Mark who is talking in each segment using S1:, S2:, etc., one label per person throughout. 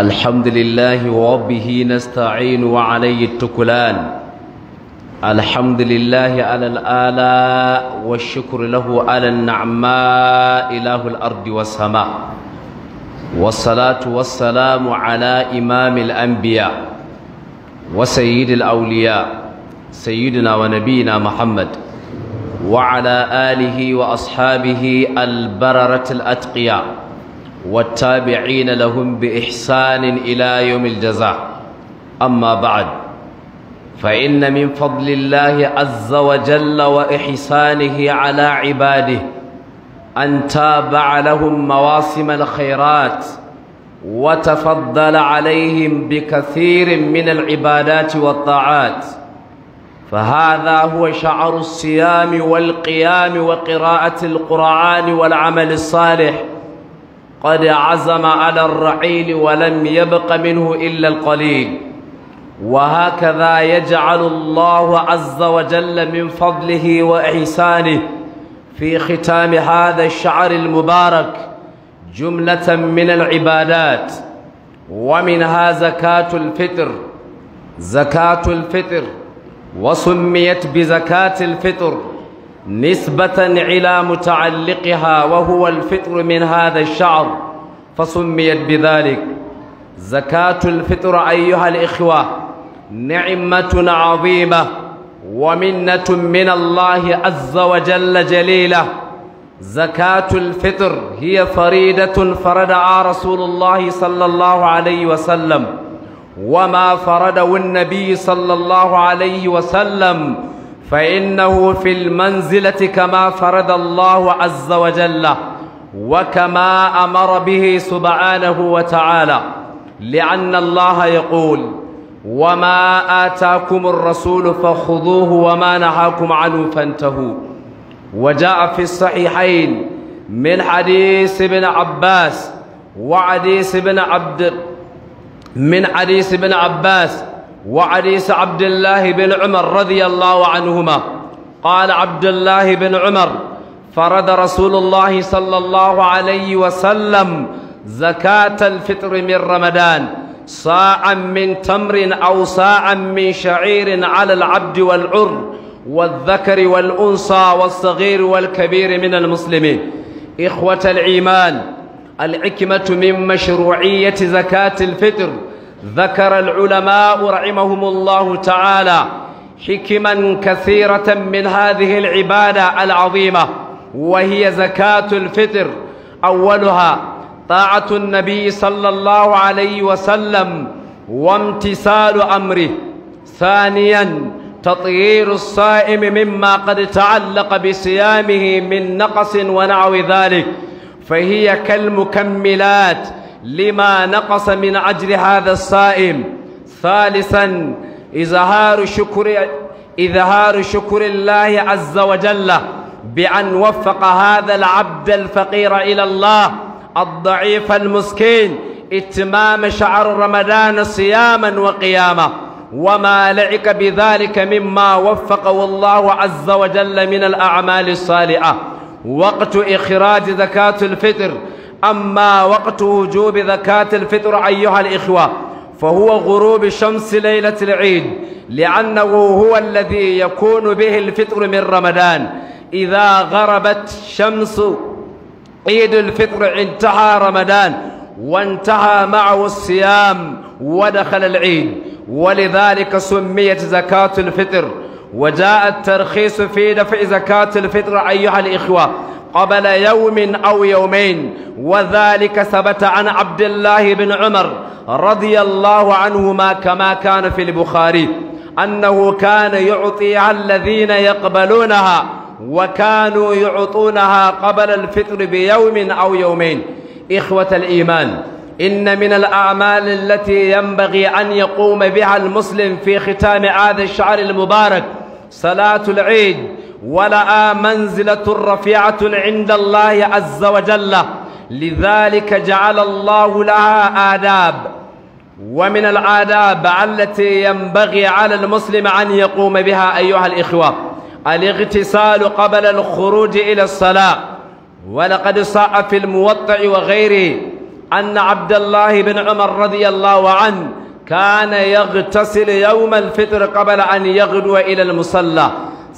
S1: الحمد لله وبه نستعين وعليه التكلان الحمد لله على الآلاء والشكر له على النعماء إله الأرض والسماء والصلاة والسلام على إمام الأنبياء وسيد الأولياء سيدنا ونبينا محمد وعلى آله وأصحابه البررة الأتقياء والتابعين لهم بإحسان إلى يوم الجزاء أما بعد فإن من فضل الله عز وجل وإحسانه على عباده أن تابع لهم مواسم الخيرات وتفضل عليهم بكثير من العبادات والطاعات فهذا هو شعر الصيام والقيام وقراءة القرآن والعمل الصالح قد عزم على الرحيل ولم يبق منه إلا القليل وهكذا يجعل الله عز وجل من فضله وإحسانه في ختام هذا الشعر المبارك جملة من العبادات ومنها زكاة الفطر زكاة الفطر وسميت بزكاة الفطر نسبة إلى متعلقها وهو الفطر من هذا الشعر فسميت بذلك زكاة الفطر أيها الإخوة نعمة عظيمة ومنة من الله عز وجل جليلة زكاة الفطر هي فريدة فردها رسول الله صلى الله عليه وسلم وما فرده النبي صلى الله عليه وسلم فإنه في المنزلة كما فرض الله عز وجل وكما أمر به سبحانه وتعالى لأن الله يقول وما آتاكم الرسول فخذوه وما نهاكم عنه فانتهوا وجاء في الصحيحين من حديث ابن عباس وحديث ابن عبد من حديث ابن عباس وعريس عبد الله بن عمر رضي الله عنهما قال عبد الله بن عمر فرد رسول الله صلى الله عليه وسلم زكاة الفطر من رمضان صاعا من تمر أو صاعا من شعير على العبد والعر والذكر والأنصى والصغير والكبير من المسلمين إخوة الإيمان العكمة من مشروعية زكاة الفطر ذكر العلماء رحمهم الله تعالى حكما كثيرة من هذه العبادة العظيمة وهي زكاة الفطر أولها طاعة النبي صلى الله عليه وسلم وامتثال أمره ثانيا تطهير الصائم مما قد تعلق بصيامه من نقص ونعو ذلك فهي كالمكملات لما نقص من أجر هذا الصائم ثالثا إظهار شكر إظهار شكر الله عز وجل بأن وفق هذا العبد الفقير إلى الله الضعيف المسكين اتمام شعر رمضان صياما وقياما وما لعك بذلك مما وفقه الله عز وجل من الأعمال الصالحة وقت إخراج زكاة الفطر أما وقت وجوب زكاة الفطر أيها الإخوة فهو غروب شمس ليلة العيد لأنه هو الذي يكون به الفطر من رمضان إذا غربت شمس عيد الفطر انتهى رمضان وانتهى معه الصيام ودخل العيد ولذلك سميت زكاة الفطر وجاء الترخيص في دفع زكاة الفطر أيها الإخوة قبل يوم أو يومين وذلك ثبت عن عبد الله بن عمر رضي الله عنهما كما كان في البخاري أنه كان يعطيها الذين يقبلونها وكانوا يعطونها قبل الفطر بيوم أو يومين إخوة الإيمان إن من الأعمال التي ينبغي أن يقوم بها المسلم في ختام هذا الشهر المبارك صلاة العيد ولها منزلة رفيعة عند الله عز وجل لذلك جعل الله لها آداب ومن الآداب التي ينبغي على المسلم أن يقوم بها أيها الإخوة الاغتسال قبل الخروج إلى الصلاة ولقد صاع في الموطع وغيره أن عبد الله بن عمر رضي الله عنه كان يغتسل يوم الفطر قبل أن يغدو إلى المصلى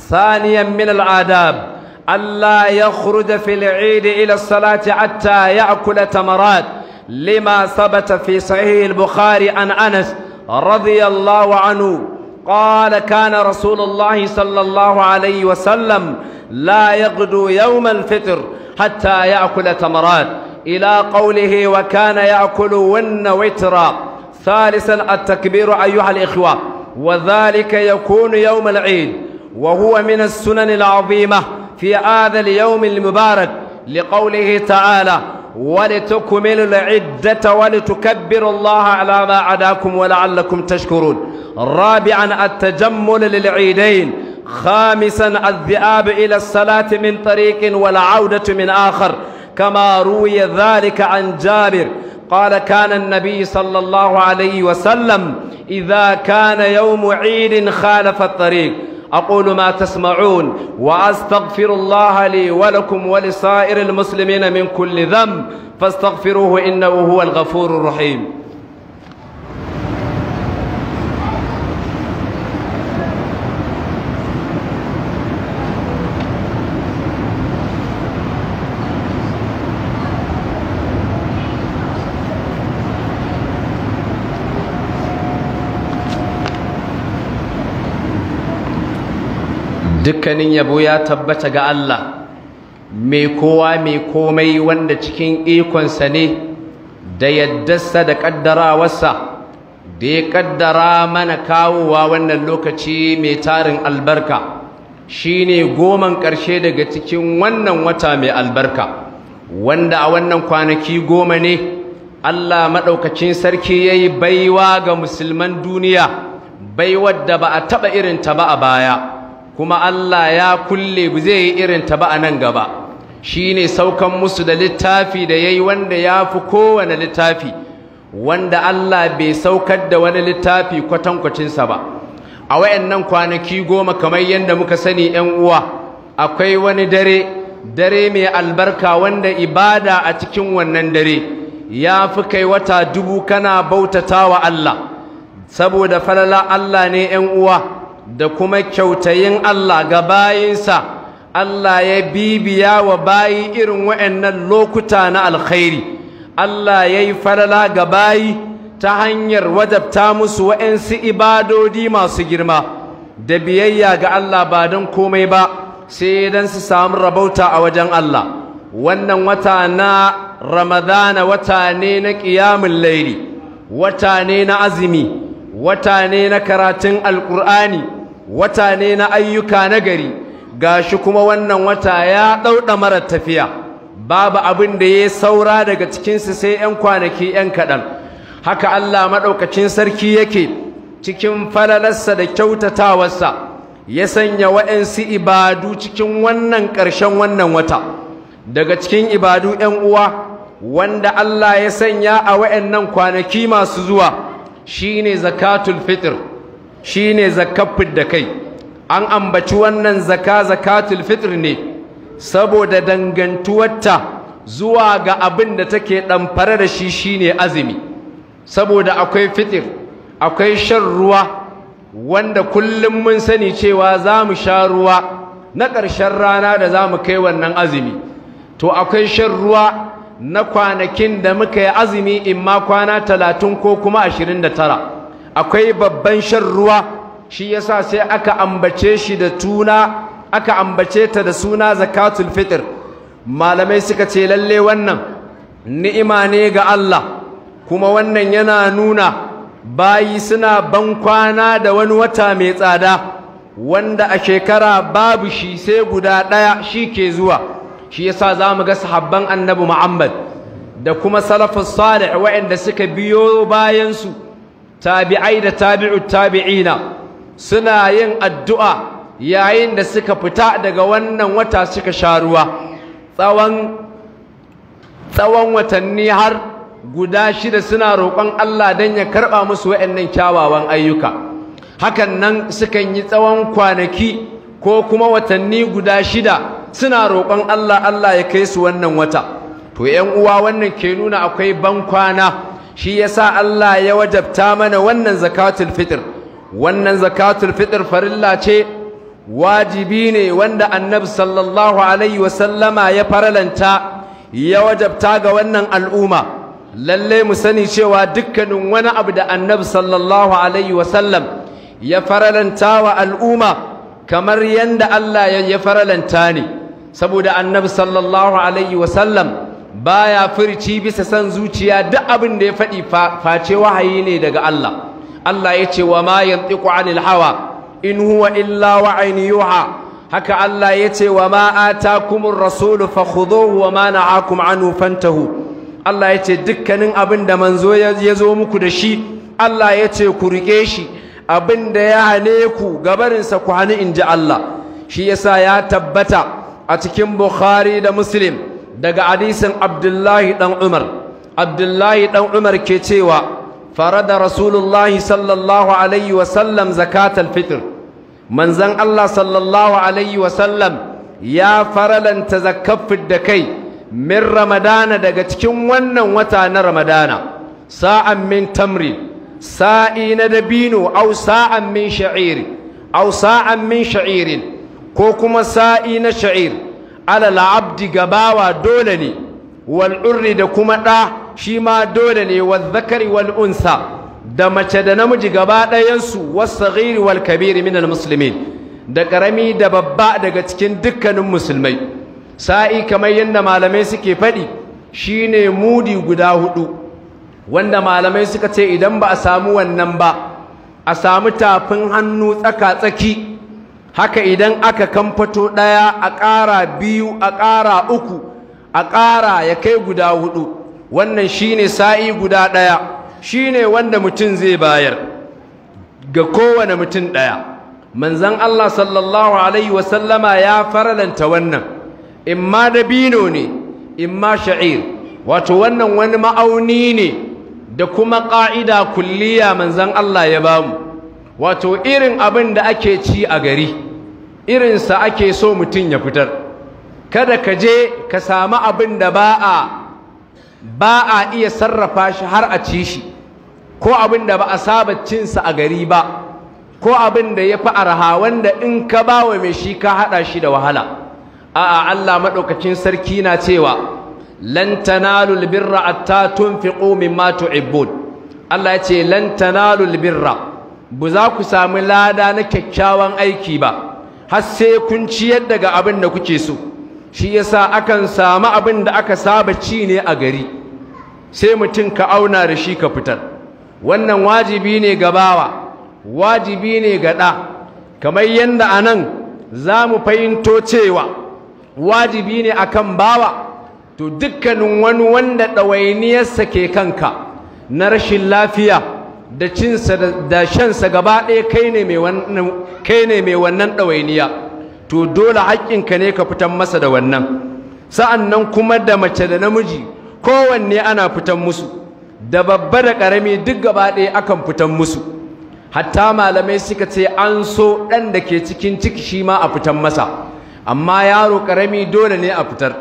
S1: ثانيا من الآداب ألا يخرج في العيد إلى الصلاة حتى يأكل تمرات لما ثبت في صحيح البخاري عن أنس رضي الله عنه قال كان رسول الله صلى الله عليه وسلم لا يغدو يوم الفطر حتى يأكل تمرات إلى قوله وكان يأكل ون وترا ثالثا التكبير أيها الإخوة وذلك يكون يوم العيد وهو من السنن العظيمة في هذا اليوم المبارك لقوله تعالى ولتكمل العدة ولتكبر الله على ما عداكم ولعلكم تشكرون رابعا التجمل للعيدين خامسا الذئاب إلى الصلاة من طريق والعودة من آخر كما روي ذلك عن جابر قال كان النبي صلى الله عليه وسلم إذا كان يوم عيد خالف الطريق أقول ما تسمعون وأستغفر الله لي ولكم ولسائر المسلمين من كل ذنب فاستغفروه إنه هو الغفور الرحيم dukkanin yabo ya tabbata ga Allah mai kowa mai komai wanda cikin ikonsa ne da yaddarsa da ƙaddarawarsa da ya ƙaddara mana kawowa wannan lokaci mai tarin albarka shine goman ƙarshe daga cikin wannan wata mai albarka wanda a wannan kwanaki goma ne Allah maɗaukacin sarki ya yi baiwa ga musulman duniya baiwar da ba a taɓa irin ta ba a baya kuma Allah ya kulle bu zai yi irin ta ba a nan gaba shine saukan musu da littafi da yayi wanda ya fi kowane littafi wanda Allah bai saukar da wani littafi kwatankwacinsa ba a wayannan kwanaki goma kamar yadda muka sani 'yan uwa akwai wani dare dare mai albarka wanda ibada a cikin wannan dare ya fi kai wata dubu kana bautatawa Allah saboda falala Allah ne 'yan uwa da kuma kyautayin Allah ga bayinsa Allah ya bibiya wa bayi irin wa'annan lokuta na alkhairi Allah ya yi falala ga bayi ta hanyar wajabta musu waɗansu ibadodi masu girma da biyayya ga Allah ba don komai ba sai don su samu rabauta a wajen Allah wannan wata na ramadana wata ne na ƙiyamun laili wata ne na azumi wata ne na karatun alƙur'ani wata ne na ayyuka nagari, gari shi kuma wannan wata ya ɗauɗa mara tafiya babu abin da ya saura daga cikinsu sai 'yan kwanaki 'yan kaɗan haka Allah maɗaukacin sarki yake cikin falalarsa da kyautatawarsa ya sanya wa'yansu ibadu cikin wannan ƙarshen wannan wata daga cikin ibadu 'yan uwa wanda Allah ya sanya a wa'yannan kwanaki masu zuwa shine zakatul fitr shine zakafin da kai an ambaci wannan zaka zakatul fitr ne saboda dangantuwarta zuwa ga abin da take ɗamfara da shi shine azumi saboda akwai fitr akwai shan ruwa wanda kullum mun sani cewa za mu sha ruwa na ƙarshen rana da za mu kai wannan azumi to akwai shan ruwa na kwanakin da muka yi azumi in ma kwana talatin ko kuma ashirin da tara akwai babban shan ruwa shi yasa sai aka ambace shi da tuna aka ambace ta da suna zakatul fitr malamai suka ce lalle wannan ni'ima ne ga Allah kuma wannan yana nuna bayi suna ban kwana da wani wata mai tsada wanda a shekara babu shi sai guda ɗaya shi ke zuwa shi yasa za mu ga sahabban annabi Muhammad da kuma salafus salih waɗanda suka biyo bayan su tabi'ai da tabi'ut tabi'ina suna yin addu'a yayin da suka fita daga wannan wata suka sha ruwa tsawon tsawon watanni har guda shida suna roƙon Allah don ya karɓa musu waɗannan kyawawan ayyuka hakan nan sukan yi tsawon kwanaki ko kuma watanni guda shida suna roƙon Allah Allah ya kai su wannan wata to ƴan uwa wannan ke nuna akwai bankwana shi yasa Allah ya wajabta mana wannan zakatul fitr wannan zakatul fitr farilla ce wajibi ne wanda annabi sallallahu alaihi wasallama ya faralanta ya wajabta ga wannan al'umma lalle mu sani cewa dukkanin wani abu da annabi sallallahu alaihi wasallam ya faralanta wa al'umma kamar yanda Allah ya faralanta ne saboda annabi sallallahu alaihi wasallam baya furci bisa san zuciya duk abin da ya faɗi face wahayi ne daga Allah Allah ya ce wa ma yantiqu anil hawa in huwa illa wa'in yuha haka Allah ya ce wa ma atakumur rasul fakhudhuhu wa ma na'akum anhu fantahu Allah ya ce dukkanin abin da manzo ya zo muku da shi Allah ya ce ku rike shi abin da ya hane ku gabarinsa ku hani in ji Allah shi yasa ya tabbata a cikin bukhari da muslim daga hadisin abdullahi dan umar abdullahi dan umar ke cewa farada rasulullahi sallallahu alaihi wasallam zakatal fitr manzan allah sallallahu alaihi wasallam ya faralanta zakafin da kai min ramadana daga cikin wannan wata na ramadana sa'an min tamri sa'i na dabino au sa'an min sha'iri au sa'an min sha'irin ko kuma sa'i na sha'ir alal abdi gabawa dole ne Wal'urri da kuma ɗa shi ma dole ne wa zakari wal'unsa. unsa da mace da namiji gaba ɗayansu wasu ghiri wal kabiri minal musulmin da ƙarami da babba daga cikin dukkanin musulmai sa'i kamar yadda malamai suke faɗi shine mudi guda hudu wanda malamai suka ce idan ba a samu wannan ba a samu tafin hannu tsaka-tsaki haka idan aka kamfato ɗaya a ƙara biyu a ƙara uku a ƙara ya kai guda hudu wannan shine sa'i guda ɗaya shine wanda mutum zai bayar ga kowane mutum ɗaya manzan Allah sallallahu alaihi wasallama ya faralanta wannan imma dabino ne imma sha'ir wato wannan wani ma'auni ne da kuma ƙa'ida kulliya manzan Allah ya bamu wato irin abin da ake ci a gari irinsa ake so mutum ya fitar kada ka je ka samu abin da ba a ba a iya sarrafa shi har a ci shi ko abin da ba a saba cinsa a gari ba ko abin da ya fi arha wanda in ka ba wa mai shi ka haɗa shi da wahala a'a Allah maɗaukacin sarki na cewa lan ta tun fi ƙomin matu tuhibbun Allah ya ce lantana birra ba za ku sami lada na kyakkyawan aiki ba har sai kun ciyar daga abin da kuke so shi yasa akan samu abin da aka saba ci ne a gari sai mutum ka auna da shi ka fitar wannan wajibi ne ga bawa wajibi ne ga ɗa kamar yadda a nan za mu fahimto cewa wajibi ne akan bawa to dukkanin wani wanda ɗawainiyarsa ke kanka na rashin lafiya da cinsa da shansa gaba ɗaya kai ne mai wannan kai ne mai wannan ɗawainiya to dole haƙƙinka ne ka fitan masa da wannan sa'annan kuma da mace da namiji kowanne ana fitan musu da babba da ƙarami duk gaba ɗaya akan fitan musu hatta malamai suka ce an so ɗan da ke cikin ciki shi ma a fitan masa amma yaro ƙarami dole ne a fitar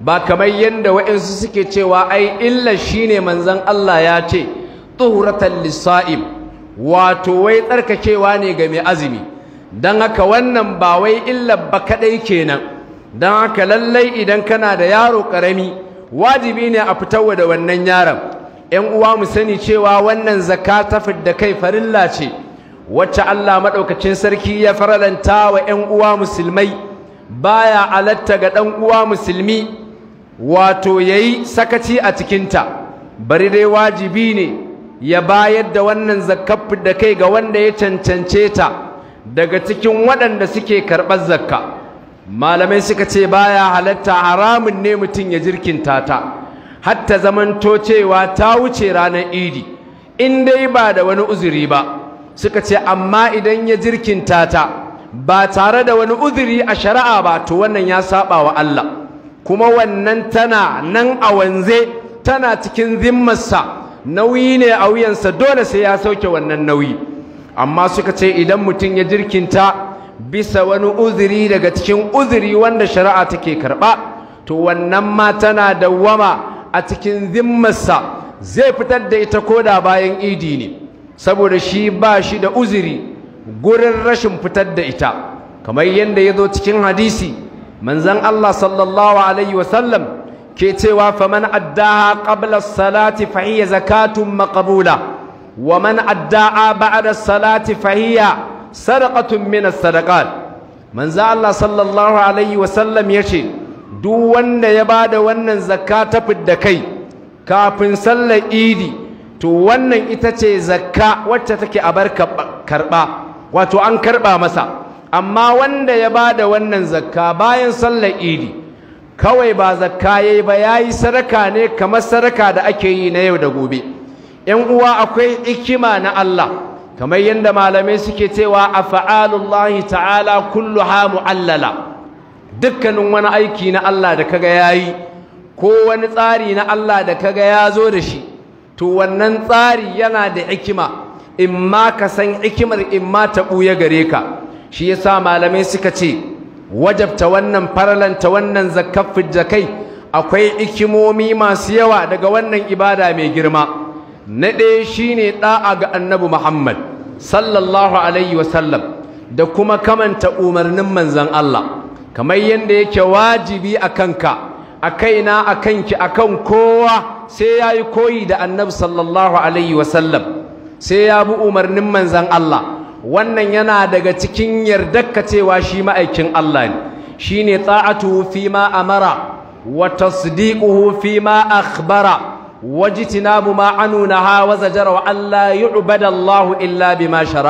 S1: ba kamar yadda waɗansu suke cewa ai illa shine manzon Allah ya ce tuhuratan lissa'im wato wai tsarkakewa ne ga mai azumi don haka wannan ba wai illa ba kaɗai kenan don haka lallai idan kana da yaro karami wajibi ne a wa da wannan yaron ‘yan uwa mu sani cewa wannan zaka ta fidda kai farilla ce wacce Allah maɗaukacin sarki ya faralanta wa ‘yan uwa musulmai baya alatta ga ɗan uwa musulmi wato yayi sakaci a cikinta bari dai wajibi ne ya bayar da wannan zakka da kai ga wanda ya cancance ta daga cikin waɗanda suke karɓar zakka malamai suka ce baya halatta haramun ne mutum ya jirkinta ta hatta zamanto cewa ta wuce ranar idi in dai ba da wani uzuri ba suka ce amma idan ya jirkinta ta ba tare da wani uzuri a shari'a ba to wannan ya saba wa Allah kuma wannan tana nan a wanze tana cikin zimmarsa nauyi ne a wuyansa dole sai ya sauke wannan nauyi amma suka ce idan mutum ya jirkinta bisa wani uzuri daga cikin uzuri wanda shari'a take karɓa to wannan ma tana dawwama a cikin zimmarsa zai fitar da ita ko da bayan idi ne saboda shi ba shi da uzuri gurin rashin fitar da ita kamar yadda ya zo cikin hadisi manzon Allah sallallahu alaihi wasallam ke cewa faman addaha qabla salati fa hiya zakatun maqbula wa man addaha ba'da salati fa hiya sadaqatun min as-sadaqat manzo Allah sallallahu alaihi wa sallam yace duk wanda ya bada wannan zakka ta fidda kai kafin sallar idi to wannan ita ce zakka wacce take a karba wato an karba masa amma wanda ya bada wannan zakka bayan sallar idi kawai ba zakka yayi ba yayi sadaka ne kamar sadaka da ake yi na yau da gobe yan uwa akwai ikima na Allah kamar yadda malamai suke cewa afa'alullahi ta'ala kulluha mu'allala dukkanin wani aiki na Allah da kaga yayi ko wani tsari na Allah da kaga ya zo da shi to wannan tsari yana da hikima imma ma ka san hikimar imma ta ɓuya gare ka shi yasa malamai suka ce wajabta wannan faralanta wannan zakafin jakai akwai ikimomi masu yawa daga wannan ibada mai girma na ɗaya shine ɗa'a ga annabi Muhammad sallallahu alaihi wasallam da kuma kamanta umarnin manzon Allah kamar yadda yake wajibi a kanka a kaina a kanki a kan kowa sai ya yi koyi da annabi sallallahu alaihi wasallam sai ya bi umarnin manzon Allah wannan yana daga cikin yardarka cewa shi ma'aikin Allah ne shine ta'atuhu fi ma amara wa tasdiquhu fi ma akhbara wajtinabu ma anunaha wa zajara wa Allah yu'bada Allah illa bima Shi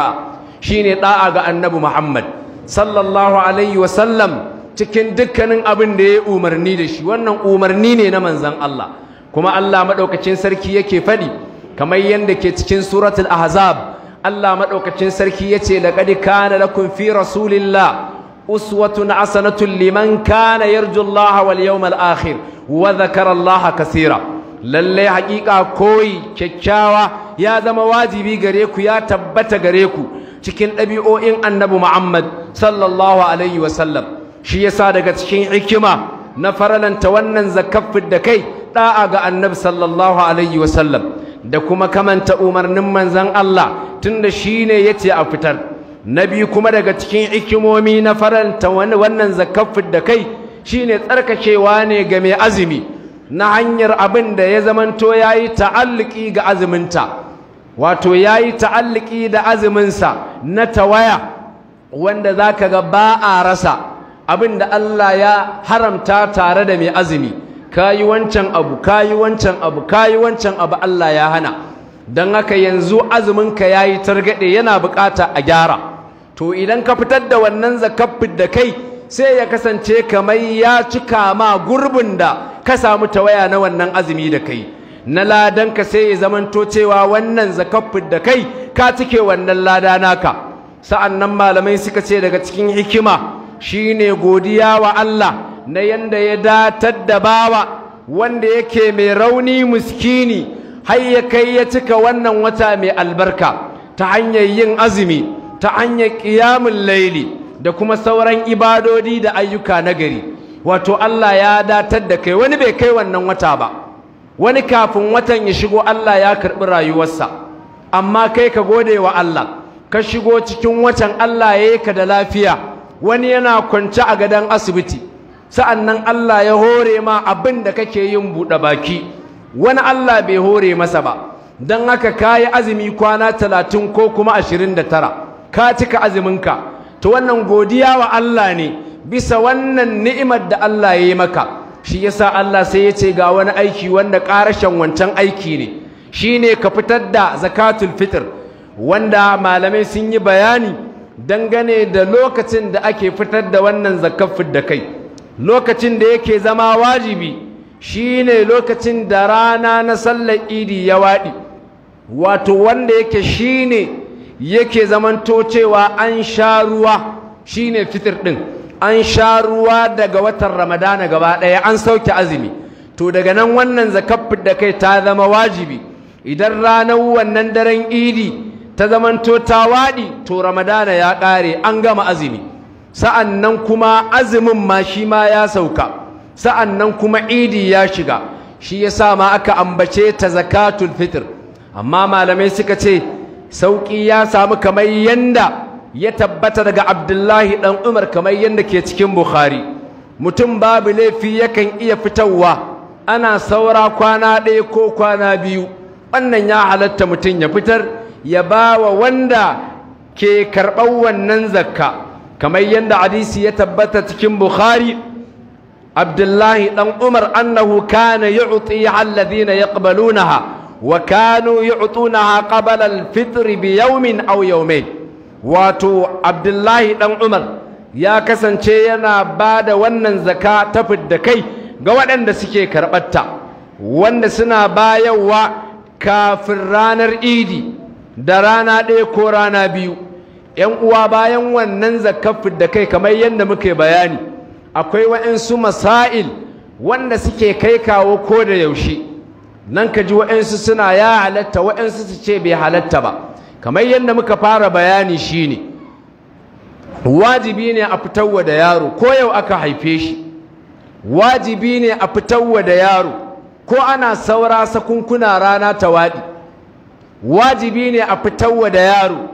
S1: shine da'a ga annabi Muhammad sallallahu alaihi wa sallam cikin dukkanin abin da ya umarni da shi wannan umarni ne na manzon Allah kuma Allah madaukakin sarki yake fadi kamar yanda ke cikin suratul ahzab Allah maɗaukacin sarki ya ce laƙad kana lakum fi rasulillah uswatun hasanatun liman kana yarju Allah wal yawmal akhir wa dhakara Allah kaseera lalle haƙiƙa koyi kyakkyawa ya zama wajibi gare ku ya tabbata gare ku cikin ɗabi'o'in annabi Muhammad sallallahu alaihi wa sallam shi yasa daga cikin hikima na faralanta wannan zakaffin da kai da'a ga annabi sallallahu alaihi wa sallam da kuma kamanta umarnin manzan Allah tunda shine yace a fitar na biyu kuma daga cikin ikimomi na faranta wannan zakafin da kai shine tsarkakewa ne ga mai azumi na hanyar abin da ya zamanto yayi ta'alluki ga azuminta wato yayi ta'alluki da azuminsa na tawaya wanda zaka ga ba a rasa abin da Allah ya haramta tare da mai azumi kayi wancan abu kayi wancan abu kayi wancan abu Allah ya hana don haka yanzu azumin ka yayi targade yana bukata a gyara to idan ka fitar da wannan zakafin da kai sai ya kasance kamar ya cika ma gurbin da ka samu tawaya na wannan azumi da kai na ladan ka sai ya zamanto cewa wannan zakafin da kai ka cike wannan lada naka sa'annan malamai suka ce daga cikin hikima shine godiya wa Allah na yanda ya datar da bawa wanda yake mai rauni muskini har ya kai ya cika wannan wata mai albarka ta hanyar yin azumi ta hanyar ƙiyamun laili da kuma sauran ibadodi da ayyuka na gari wato Allah ya datar da kai wani bai kai wannan wata ba wani kafin watan ya shigo Allah ya karɓi rayuwarsa amma kai ka gode wa Allah ka shigo cikin watan Allah ya yi ka da lafiya wani yana kwance a gadon asibiti Sa'annan Allah ya hore ma abin da kake yin buɗe baki wani Allah bai hore masa ba don haka ka yi azumi kwana talatin ko kuma ashirin da tara ka cika azuminka ta wannan godiya wa Allah ne bisa wannan ni'imar da Allah ya yi maka shi yasa Allah sai ya ce ga wani aiki wanda ƙarashen wancan aiki ne shine ka fitar da zakatul fitr wanda malamai sun yi bayani dangane da lokacin da ake fitar da wannan zakafin da kai lokacin da yake zama wajibi shine lokacin da rana na sallar idi ya waɗi wato wanda yake shine yake zamanto cewa an sha ruwa shine fitir ɗin an sha ruwa daga watan ramadana gaba ɗaya an sauke azumi to daga nan wannan zakafin da kai ta zama wajibi idan ranar wannan daren idi ta zamanto ta waɗi to ramadana ya ƙare an gama azumi sa'annan kuma azumin ma shi ma ya sauka sa'annan kuma idi ya shiga shi ya sa ma aka ambace ta zakatun fitr amma malamai suka ce sauki ya samu kamar yanda ya tabbata daga Abdullahi ɗan Umar kamar yadda ke cikin Bukhari mutum babu laifi yakan iya fitarwa ana saura kwana ɗaya ko kwana biyu wannan ya halatta mutum ya fitar ya ba wa wanda ke karɓar wannan zakka kamar yadda hadisi ya tabbata cikin bukhari abdullahi Ɗan umar annahu kana yu'ti alladhina yaqbalunaha wa kanu yu'tunaha qabla al-fitr bi yawmin aw wato abdullahi Ɗan umar ya kasance yana ba da wannan zaka ta fidda kai ga waɗanda suke karɓarta wanda suna bayarwa kafin ranar idi da rana ɗaya ko rana biyu yan uwa bayan wannan zakafin da kai kamar yadda muke bayani akwai wayansu masail wanda suke kai kawo ko da yaushe nan ka ji wa'insu suna ya halatta wa'ansu su ce bai halatta ba kamar yadda muka fara bayani shi ne. wajibi ne a fitarwa da yaro ko yau aka haife shi wajibi ne a fitarwa da yaro ko ana saura sakunkuna rana ta wajibi ne a fitarwa da yaro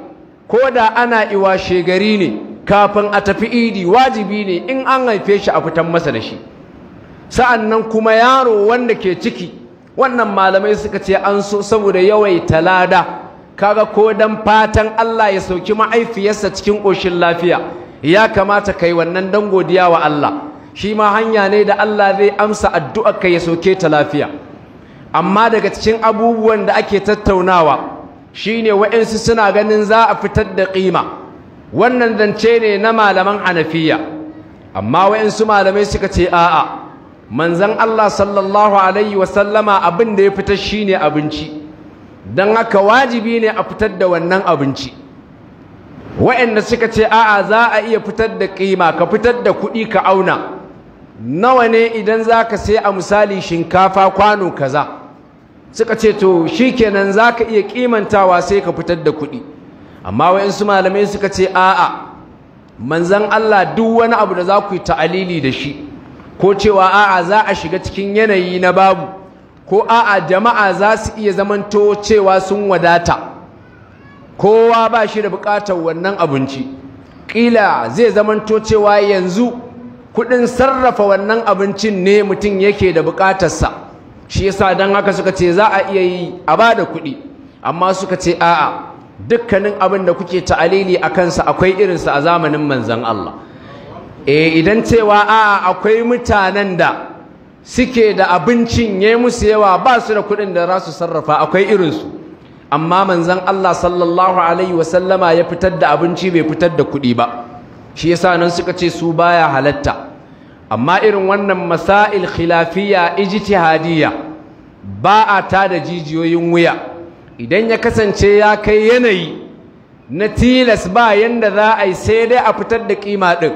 S1: ko da ana iwa shegari ne kafin a tafi idi wajibi ne in an haife shi a fitan masa da shi sa'annan kuma yaro wanda ke ciki wannan malamai suka ce an so saboda yawaita lada kaga ko dan fatan Allah ya sauki ma'aifiyarsa cikin ƙoshin lafiya ya kamata kai wannan dan godiya wa Allah shi ma hanya ne da Allah zai amsa addu'ar ka ya sauke ta lafiya amma daga cikin abubuwan da ake tattaunawa shine wa'ansu suna ganin za a fitar da ƙima wannan zance ne na malaman hanafiya amma wa'ansu malamai suka ce a'a manzon Allah sallallahu alaihi wasallama abin da ya fitar shine abinci don haka wajibi ne a fitar da wannan abinci wa'anda suka ce a'a za a iya fitar da ƙima ka fitar da kuɗi ka auna nawa ne idan za ka sai a misali shinkafa kwano kaza suka ce to shi shikenan zaka iya kimantawa sai ka fitar da kuɗi amma wayansu malamai suka ce a'a manzon Allah duk wani abu da za ku yi ta'alili da shi ko cewa a'a za a shiga cikin yanayi na babu ko a'a jama'a za su iya zamanto cewa sun wadata kowa ba shi da bukatar wannan abinci ƙila zai zamanto cewa yanzu kuɗin sarrafa wannan abincin ne mutum yake da bukatarsa shi yasa dan haka suka ce za a iya yi a bada kuɗi amma suka ce a'a dukkanin abin da kuke ta'alili a kansa akwai irinsa a zamanin manzan Allah eh idan cewa a'a akwai mutanen da suke da abincin ya musu yawa ba su da kuɗin da za su sarrafa akwai irinsu amma manzan Allah sallallahu alaihi wasallama ya fitar da abinci bai fitar da kuɗi ba shi yasa nan suka ce su baya halatta amma irin wannan masail khilafiya ijtihadiyya ba a ta da jijiyoyin wuya idan ya kasance ya kai yanayi na tilas ba yanda za a yi sai dai a fitar da kima din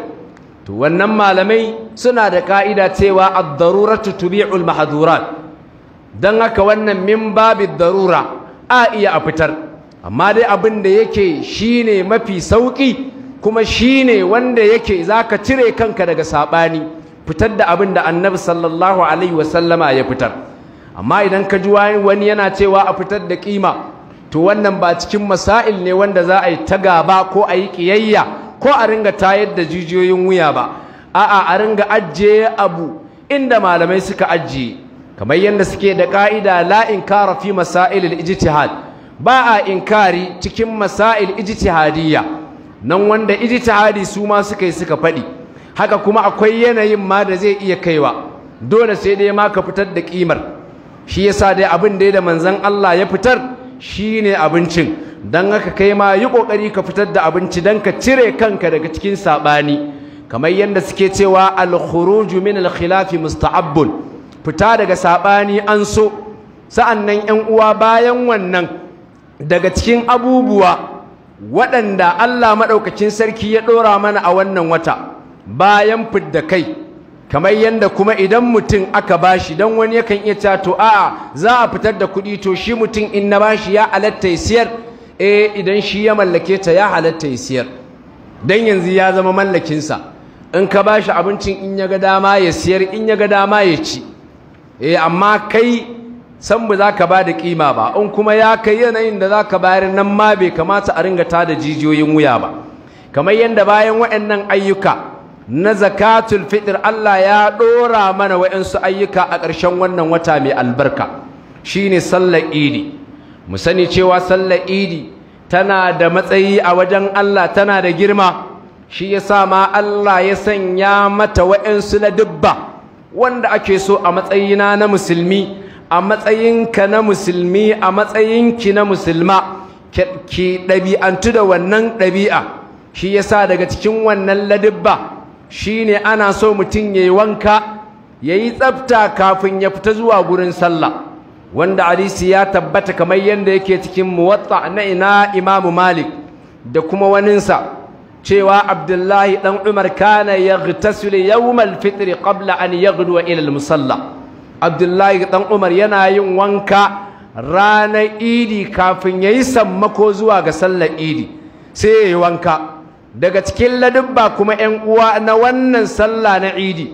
S1: to wannan malamai suna da ka'ida cewa ad-daruratu tubi'ul mahdhurat dan haka wannan min babid darura a iya a fitar amma dai abin da yake shine mafi sauki kuma shine wanda yake zaka cire kanka daga sabani fitar da abin da annabi sallallahu alaihi wasallama ya fitar amma idan ka ji wani yana cewa a fitar da kima to wannan ba cikin masail ne wanda za a yi ta gaba ko a yi kiyayya ko a ringa tayar da jijiyoyin wuya ba a'a a ringa ajiye abu inda malamai suka ajiye kamar yadda suke da ka'ida la inkara fi masa'il ijtihad ba a inkari cikin masail ijtihadiyya nan wanda ijtihadi su ma suka yi suka faɗi haka kuma akwai yanayin ma da zai iya kaiwa dole sai dai ma ka fitar da kimar shi yasa dai abin da ya da manzon Allah ya fitar shine abincin dan haka kai ma yi kokari ka fitar da abinci dan ka cire kanka daga cikin sabani kamar yadda suke cewa al-khuruju min al-khilafi musta'abbun fita daga sabani an so sa'annan 'yan uwa bayan wannan daga cikin abubuwa waɗanda Allah maɗaukacin sarki ya ɗora mana a wannan wata bayan fidda kai kamar yadda kuma idan mutum aka bashi don wani yakan iya ta to a'a za a fitar da kuɗi to shi mutum in na bashi ya halatta ya siyar eh idan shi ya mallake ta ya halatta ya siyar don yanzu ya zama mallakinsa in ka bashi abincin in ya ga dama ya siyar in ya ga dama ya ci eh amma kai san ba za ka ba da kima ba in kuma ya kai yanayin da za ka bayar nan ma bai kamata a ringa da jijiyoyin wuya ba kamar yadda bayan waɗannan ayyuka na zakatul fitr Allah ya dora mana wayansu ayyuka a ƙarshen wannan wata mai albarka shine sallar idi mu sani cewa sallar idi tana da matsayi a wajen Allah tana da girma shi yasa ma Allah ya sanya mata wayansu ladubba wanda ake so a matsayina na musulmi a matsayinka na musulmi a matsayinki na musulma ki ɗabi'antu da wannan ɗabi'a shi yasa daga cikin wannan ladubba shine ana so mutum yayi wanka yayi tsafta kafin ya fita zuwa gurin sallah wanda hadisi ya tabbata kamar yadda yake cikin muwatta na ina imamu malik da kuma waninsa cewa abdullahi Ɗan umar kana yaghtasilu yawmal fitr qabla an yaghduwa ila al-musalla abdullahi Ɗan umar yana yin wanka ranar idi kafin yayi sammako zuwa ga sallar idi sai yayi wanka daga cikin ladubba kuma 'yan uwa na wannan sallah na idi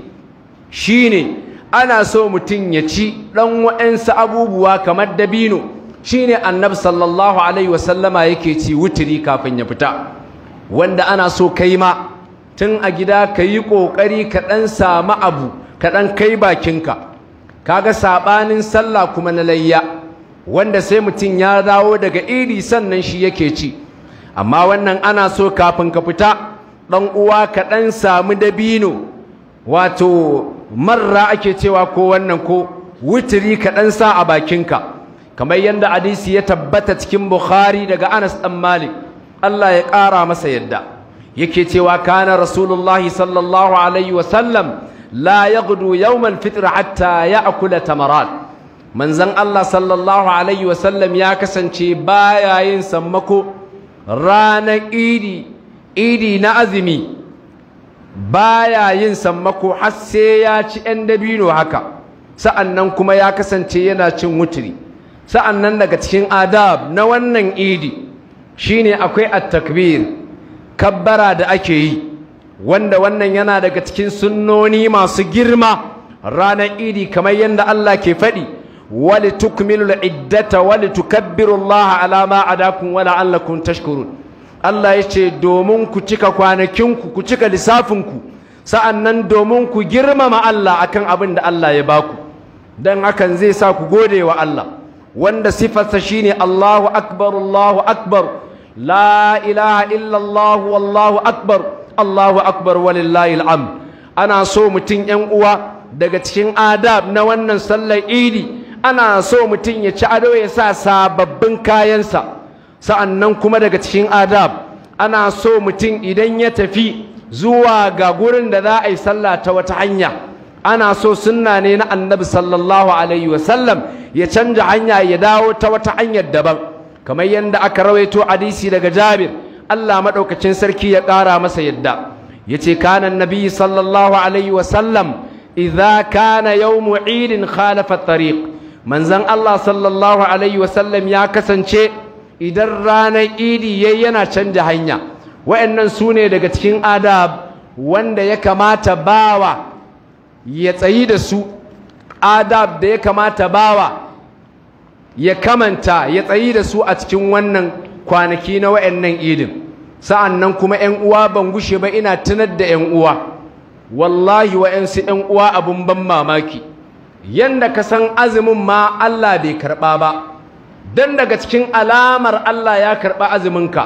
S1: shine ana so mutum ya ci ɗan wa'ansu abubuwa kamar dabino shine annabi sallallahu alaihi wasallama yake ci wutiri kafin ya fita wanda ana so kai ma tun a gida ka yi ƙoƙari ka ɗan samu abu ka ɗan kai bakinka kaga saɓanin sallah kuma na layya wanda sai mutum ya dawo daga iri sannan shi yake ci amma wannan ana so kafin ka fita ɗan uwa ka ɗan samu dabino wato marra ake cewa ko wannan ko wutiri ka sa a bakinka kamar yadda hadisi ya tabbata cikin bukhari daga anas ɗan malik allah ya ƙara masa yadda yake cewa kana rasulullahi sallallahu alaihi wasallam la yaghdu yawmal fitr hatta ya'kula tamarat manzon Allah sallallahu alaihi wasallam ya kasance baya yin sammako ranar idi idi na azumi baya yin sammako har sai ya ci ɗan dabino haka sa'annan kuma ya kasance yana cin wuturi sa'annan daga cikin adab na wannan idi shine akwai a takbir kabbara da ake yi wanda wannan yana daga cikin sunnoni masu girma ranar idi kamar yadda Allah ke faɗi wali tukmilu iddata wali tukabbiru Allah ala ma adakum wa la'allakum tashkurun Allah yace domin ku cika kwanakinku ku cika lissafinku sa'annan domin ku girmama Allah akan abin da Allah ya baku dan hakan zai sa ku gode wa Allah wanda sifarsa shine Allahu akbar Allahu akbar la ilaha illa Allah wallahu akbar Allahu akbar walillahi alhamd ana so mutum yan uwa daga cikin adab na wannan sallar idi ana so mutum ya ci ado ya sa sababbin kayansa sa'annan kuma daga cikin adab ana so mutum idan ya tafi zuwa ga gurin da za a yi sallah ta wata hanya ana so sunna ne na annabi sallallahu alaihi wasallam ya canja hanya ya dawo ta wata hanyar daban kamar yadda aka rawaito hadisi daga jabir allah maɗaukacin sarki ya ƙara masa yadda ya ce kanan nabi sallallahu alaihi wasallam idza kana yawmu idin khalafa tariq Manzan Allah sallallahu alaihi wasallam ya kasance idan ranar idi yayi yana canja hanya wayannan sune daga cikin adab wanda ya kamata bawa ya tsayi da su adab da ya kamata bawa ya kamanta ya tsayi da su a cikin wannan kwanaki na wayannan idin sa'annan kuma 'yan uwa ban gushe ba ina tunar da 'yan uwa wallahi wa'yansu 'yan uwa abin ban mamaki yanda ka san azumin ma Allah bai karɓa ba don daga cikin alamar Allah ya karɓa azuminka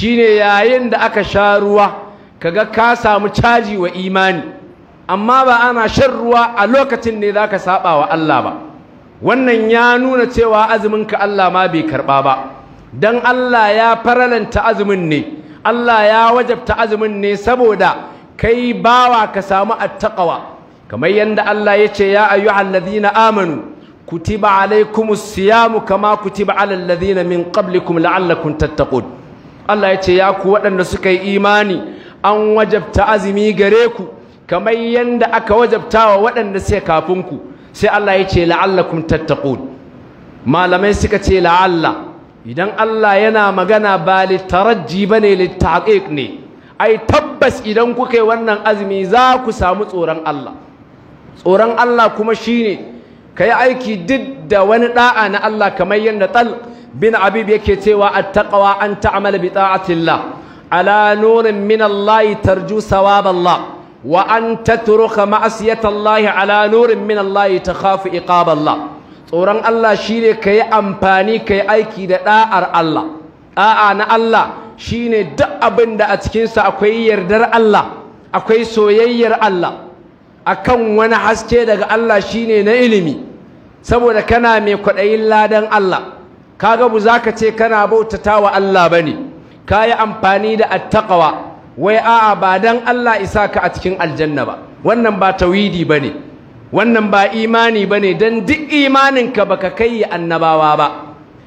S1: ne yayin da aka sha ruwa kaga ka samu caji wa imani amma ba ana shan ruwa a lokacin ne ka saba wa Allah ba wannan ya nuna cewa azuminka Allah ma bai karɓa ba don Allah ya faralanta azumin ne Allah ya wajabta azumin ne saboda kai bawa ka samu attaƙawa. kamar yadda Allah ya ce ya ayyuhal ladina amanu kutiba alaikumus siyamu kama kutiba alal ladina min qablikum la'allakum tattaqun Allah ya ce ya ku waɗanda suka yi imani an wajabta azumi gare ku kamar yadda aka wajabtawa waɗanda suka kafin ku sai Allah ya ce la'allakum tattaqun malamai suka ce la'alla idan Allah yana magana ba littaraji ba ne littaƙiƙ ne ai tabbas idan kuka yi wannan azumi za ku samu tsoron Allah tsoron Allah kuma shine kai aiki duk da wani da'a na Allah kamar yadda tal bin abib yake cewa attaqwa an ta'mal bi ta'atillah ala nurin min Allah tarju sawab Allah wa an tatruka ma'siyat Allah ala nurin min Allah takhafu iqab Allah tsoron Allah shine kai amfani kai aiki da da'ar Allah da'a na Allah shine duk abin da a cikinsa akwai yardar Allah akwai soyayyar Allah akan wani haske daga Allah shine na ilimi saboda kana mai kwaɗayin ladan Allah kaga bu zaka ce kana bautatawa Allah bane kayi amfani da attaqwa wai a'a ba dan Allah isa ka a cikin aljanna ba wannan ba tauhidi bane wannan ba imani bane dan duk imaninka baka kai annabawa ba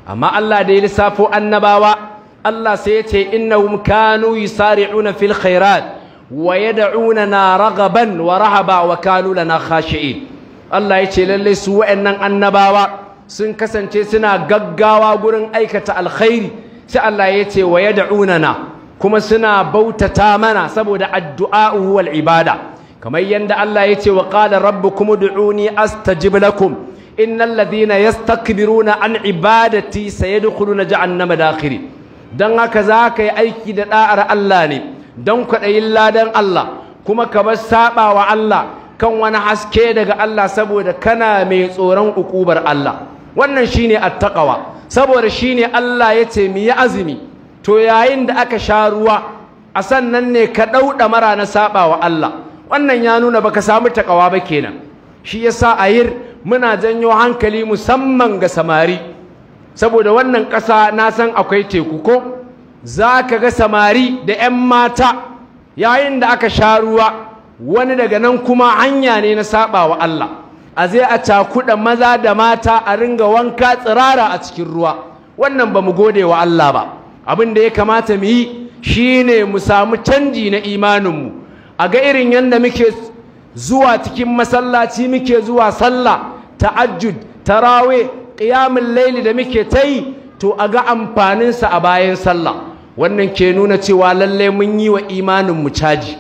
S1: amma Allah da ya lissafo annabawa Allah sai ya ce innahum kanu yusari'una fil khairat na yad'unana ragaban wa rahaba wa kalula na khashi'in Allah ya ce lalle su wa'annan annabawa sun kasance suna gaggawa gurin aikata alkhairi sai Allah ya ce wa yad'unana kuma suna bautata mana saboda addu'a wal ibada kamar yadda Allah ya ce wa qala rabbukum ud'uni astajib lakum innal ladhina yastakbiruna an ibadati sayadkhuluna jahannama dakhirin dan haka zaka yi aiki da da'ar Allah ne don kwaɗayin ladan Allah kuma ka bar saɓa wa Allah kan wani haske daga Allah saboda kana mai tsoron ukubar Allah wannan shi ne attaƙawa. saboda shi ne Allah ya ce mu yi azumi to yayin da aka sha ruwa a sannan ne ka ɗauɗa mara na saɓa wa Allah wannan ya nuna ba baka samu taƙawa ba kenan shi ya sa a yir, muna janyo hankali musamman ga samari saboda wannan ƙasa na san akwai teku ko za ka ga samari da 'yan mata yayin da aka sha ruwa wani daga nan kuma hanya ne na saba wa Allah a zai a cakuɗa maza da mata a ringa wanka tsirara a cikin ruwa wannan ba mu gode wa Allah ba abin da ya kamata mu yi shi ne mu samu canji na imaninmu a ga irin yadda muke zuwa cikin masallaci muke zuwa sallah ta'ajjud tarawe ƙiyamin laili da muke ta yi to a ga amfaninsa a bayan sallah wannan ke nuna cewa lallai mun yi wa imaninmu caji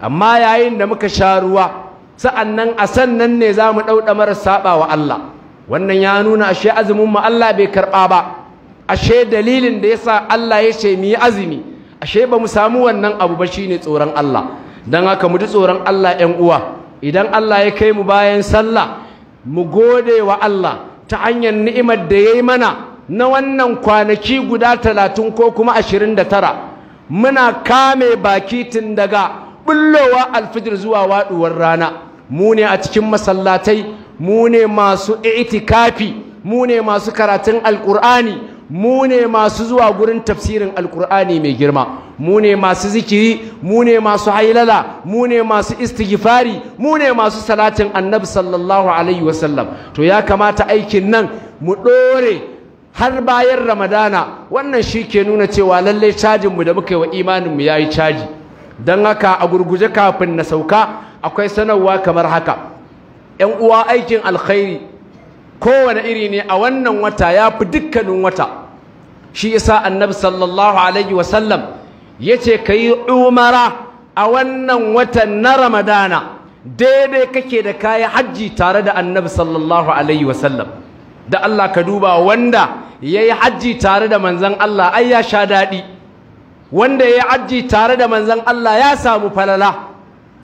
S1: amma yayin da muka sha ruwa sa'annan a sannan ne za mu ɗauɗa mara saɓa wa Allah wannan ya nuna ashe azumin mu Allah bai karɓa ba ashe dalilin da yasa Allah ya ce mu yi azumi ashe ba mu samu wannan abu ba shine tsoron Allah dan haka mu ji tsoron Allah 'yan uwa idan Allah ya kai mu bayan sallah mu gode wa Allah ta hanyar ni'imar da ya yi mana na wannan kwanaki guda talatin ko kuma ashirin da tara muna kame baki tun daga bullowa alfijir zuwa waɗuwar rana mu ne a cikin masallatai mu ne masu itikafi mu ne masu karatun alƙur'ani mu ne masu zuwa gurin tafsirin alƙur'ani mai girma mu ne masu zikiri mu ne masu hailala mu ne masu istighfari mu ne masu salatin annabi sallallahu alaihi wasallam to ya kamata aikin nan mu ɗore har bayan ramadana wannan shi ke nuna cewa lallai cajinmu da muka yi wa imaninmu ya yi caji don haka a gurguje kafin na sauka akwai sanarwa kamar haka ‘yan uwa aikin alkhairi kowane iri ne a wannan wata ya fi dukkanin wata shi isa annabi sallallahu alaihi wasallam ya ce ka yi umara a wannan watan na ramadana daidai kake da kayi hajji tare da annabi sallallahu alaihi wasallam da Allah ka duba wanda ya yi hajji tare da manzan Allah ai ya sha daɗi wanda ya yi hajji tare da manzan Allah ya samu falala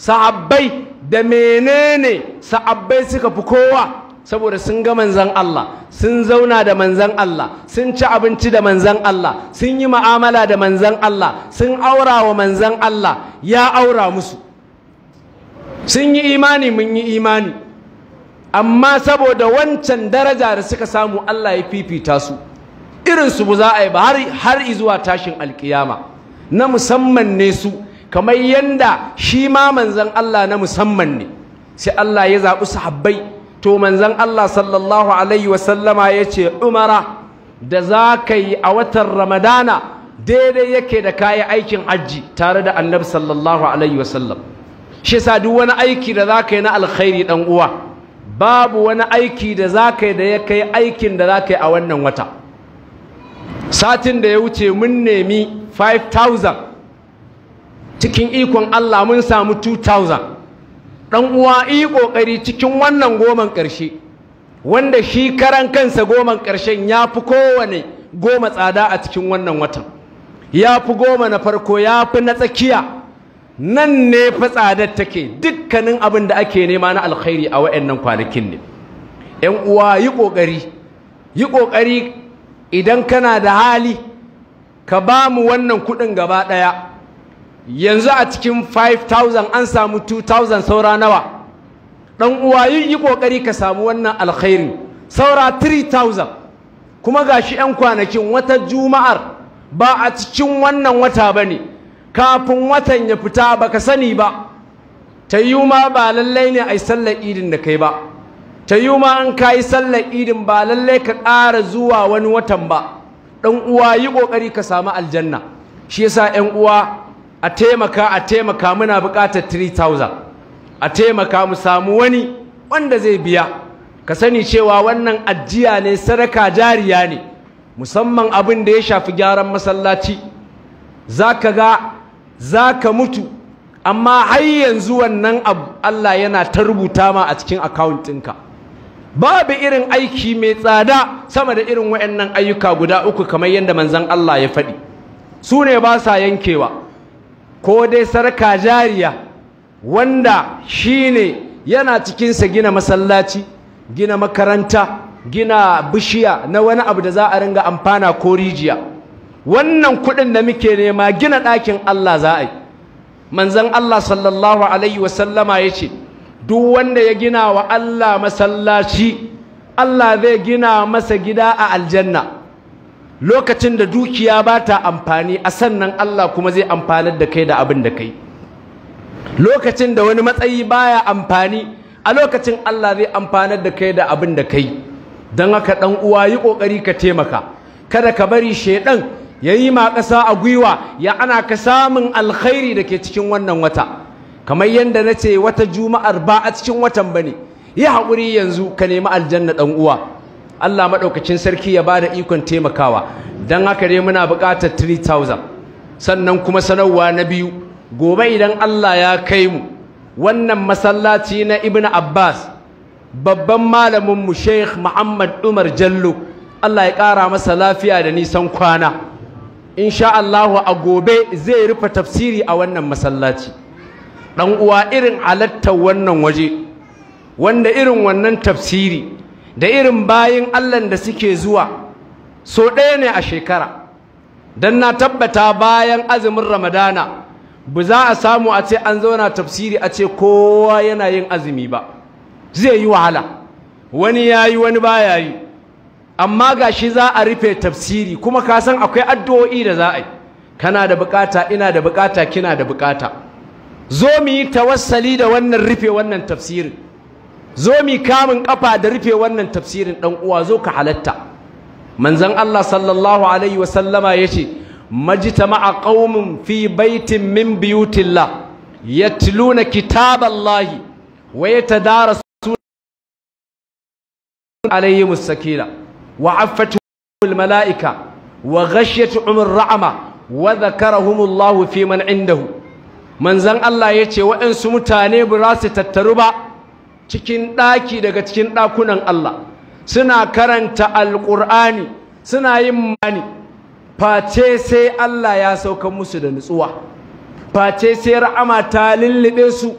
S1: sahabbai da menene sahabbai suka fi kowa saboda sun ga manzan Allah sun zauna da manzan Allah sun ci abinci da manzan Allah sun yi ma'amala da manzan Allah sun aura wa manzan Allah ya aura musu sun yi imani mun yi imani amma saboda wancan daraja da suka samu Allah ya fifita su irinsu ba za a yi ba har zuwa tashin alkiyama na musamman ne su kamar yanda shi ma manzan Allah na musamman ne sai Allah ya zaɓi sahabbai to manzan Allah sallallahu alaihi wasallama ya ce umara da za ka yi a watan ramadana daidai yake da kayi aikin hajji tare da annabi sallallahu alaihi wasallam shi sa duk wani aiki da za ka yi na alkhairi ɗan uwa babu wani aiki da za ka yi da ya kai aikin da za ka yi a wannan wata satin da ya wuce mun nemi 5,000 cikin ikon Allah mun samu 2,000 ɗan uwa yi ƙoƙari cikin wannan goman ƙarshe wanda shi karan kansa goman ƙarshen ya fi kowane goma tsada a cikin wannan watan ya fi goma na farko ya fi na tsakiya nan ne fa tsadar take dukkanin abin da ake nema na alkhairi a waɗannan kwanakin ne ƴan uwa yi ƙoƙari yi ƙoƙari idan kana da hali ka ba mu wannan kuɗin gaba ɗaya yanzu a cikin 5000 an samu 2000 saura nawa ɗan uwa yi ƙoƙari ka samu wannan alkhairi saura 3000 kuma gashi 'yan kwanakin wata juma'ar ba a cikin wannan wata ba ne kafin watan ya fita baka sani ba ta yi ma ba lallai ne a yi sallar idin da kai ba ta yi ma an ka yi sallar idin ba lallai ka ƙara zuwa wani watan ba ɗan uwa yi ƙoƙari ka samu aljanna shi yasa ƴan uwa a taimaka a taimaka muna buƙatar 3000 a taimaka mu samu wani wanda zai biya ka sani cewa wannan ajiya ne sadaka jariya ne musamman abin da ya shafi gyaran masallaci za ka ga za ka mutu amma har yanzu wannan abu Allah yana ta rubuta ma a cikin account ɗinka babu irin aiki mai tsada sama da irin waɗannan ayyuka guda uku kamar yadda manzon Allah ya faɗi su ne ba sa yankewa ko dai sarka jariya wanda shi ne yana cikinsa gina masallaci gina makaranta gina bishiya na wani abu da za a ringa amfana ko rijiya wannan kuɗin da muke nema gina ɗakin Allah za a yi manzon Allah sallallahu alaihi wasallama ya ce duk wanda ya gina wa Allah masallaci Allah zai gina masa gida a aljanna lokacin da dukiya ba ta amfani a sannan Allah kuma zai amfanar da kai da abin da kai lokacin da wani matsayi baya amfani a lokacin Allah zai amfanar da kai da abin da kai don haka ɗan uwa yi ƙoƙari ka taimaka kada ka bari shaidan ya yi ma ƙasa a gwiwa ya ana ka samun alkhairi da ke cikin wannan wata kamar yadda na ce wata juma'ar ba a cikin watan ba ne yi haƙuri yanzu ka nemi aljanna ɗan uwa Allah maɗaukacin sarki ya ba da ikon taimakawa don haka dai muna buƙatar 3000 sannan kuma sanarwa na biyu gobe idan Allah ya kai mu wannan masallaci na ibn abbas babban malaminmu sheikh muhammad umar jallo allah ya ƙara masa lafiya da nisan kwana insha Allah a gobe zai rufe tafsiri a wannan masallaci Ɗan uwa irin alatta wannan waje wanda irin wannan tafsiri da irin bayan Allah da suke zuwa so ɗaya ne a shekara dan na tabbata bayan azumin Ramadana ba za a samu a ce an zauna tafsiri a ce kowa yana yin azumi ba zai yi wahala wani yayi wani baya yi amma gashi za a rufe tafsiri kuma ka san akwai addu'o'i da za a yi kana da bukata ina da bukata kina da bukata zo mu yi tawassali da wannan rufe wannan tafsirin zo mu kamun kafa da rufe wannan tafsirin dan uwa zo ka halatta manzon Allah sallallahu alaihi wa sallama yace majtama'a qaumun fi baitin min buyutillah yatluna kitaballahi wa yatadarasuna alaihimus sakina وعفته الملائكة وغشيتهم الرعمة وذكرهم الله في من عنده من زن الله يتي وإن سمتاني tattaru ba? cikin ɗaki daga cikin ɗakunan Allah suna karanta alƙur'ani suna yin mani face sai Allah ya sauka musu da nutsuwa face sai ra'ama ta lullube su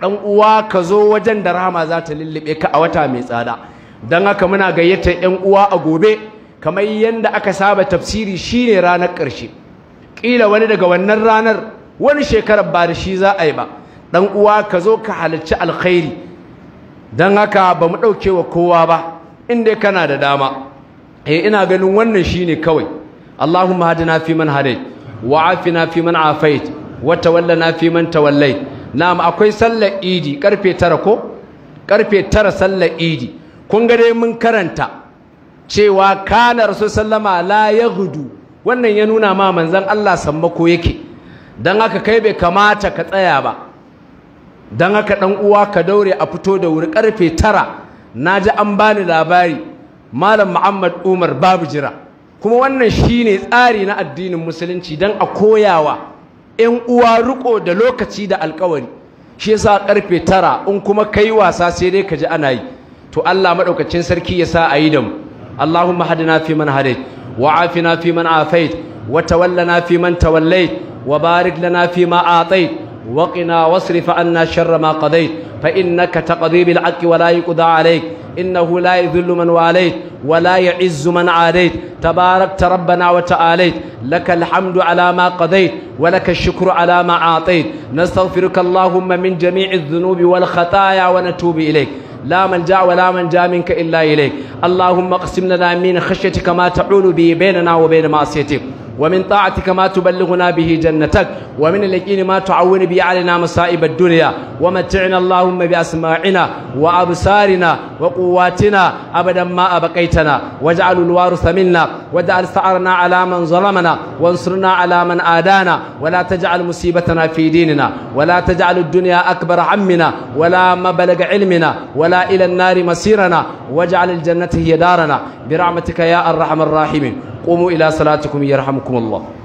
S1: ɗan uwa ka zo wajen da rahama za ta lullube ka a wata mai tsada don haka muna gayyata 'yan uwa a gobe kamar yadda aka saba tafsiri shine ranar ƙarshe ƙila wani daga wannan ranar wani shekarar ba da shi za a yi ba ɗan uwa ka zo ka halarci alkhairi don haka ba mu ɗauke wa kowa ba inda kana da dama eh ina ganin wannan shine kawai Allahumma hadina fi man hadait wa fi man fi man na'am akwai sallar idi karfe tara ko karfe sallar idi kun ga dai mun karanta cewa kana rasu sallama la yaghdu wannan ya nuna ma manzon Allah sammako yake dan haka kai bai kamata ka tsaya ba dan haka dan uwa ka daure a fito da wuri karfe tara naji an bani labari malam Muhammad Umar babu jira kuma wannan shine tsari na addinin musulunci dan a koyawa 'yan uwa riko da lokaci da alkawari shi yasa karfe tara in kuma kai wasa sai dai ka ji ana yi to Allah madaukakin sarki ya yasa ayi da mu Allahumma hadina fi man hadait wa afina fi man afait wa tawallana fi man tawallait wa barik lana fi ma atait wa qina wasrif anna sharra ma qadait fa innaka taqdi bil haqqi wa la yuqda alayk innahu la yadhillu man walayt wa la ya'izzu man adayt tabarakta rabbana wa ta'alayt laka alhamdu ala ma qadayt wa laka ash-shukru ala Na atayt nastaghfiruka allahumma min jami'i adh-dhunubi wal khataaya wa natubu ilayk لا من جاء ولا من جاء منك إلا إليك اللهم اقسم لنا من خشيتك ما تعول به بيننا وبين معصيتك ومن طاعتك ما تبلغنا به جنتك ومن اليقين ما تعون به علينا مصائب الدنيا ومتعنا اللهم بأسماعنا وأبصارنا وقواتنا أبدا ما أبقيتنا واجعل الوارث منا واجعل ثأرنا على من ظلمنا وانصرنا على من آدانا ولا تجعل مصيبتنا في ديننا ولا تجعل الدنيا أكبر عمنا ولا مبلغ علمنا ولا إلى النار مصيرنا واجعل الجنة هي دارنا برحمتك يا أرحم الراحمين قوموا إلى صلاتكم يرحمكم تقوى الله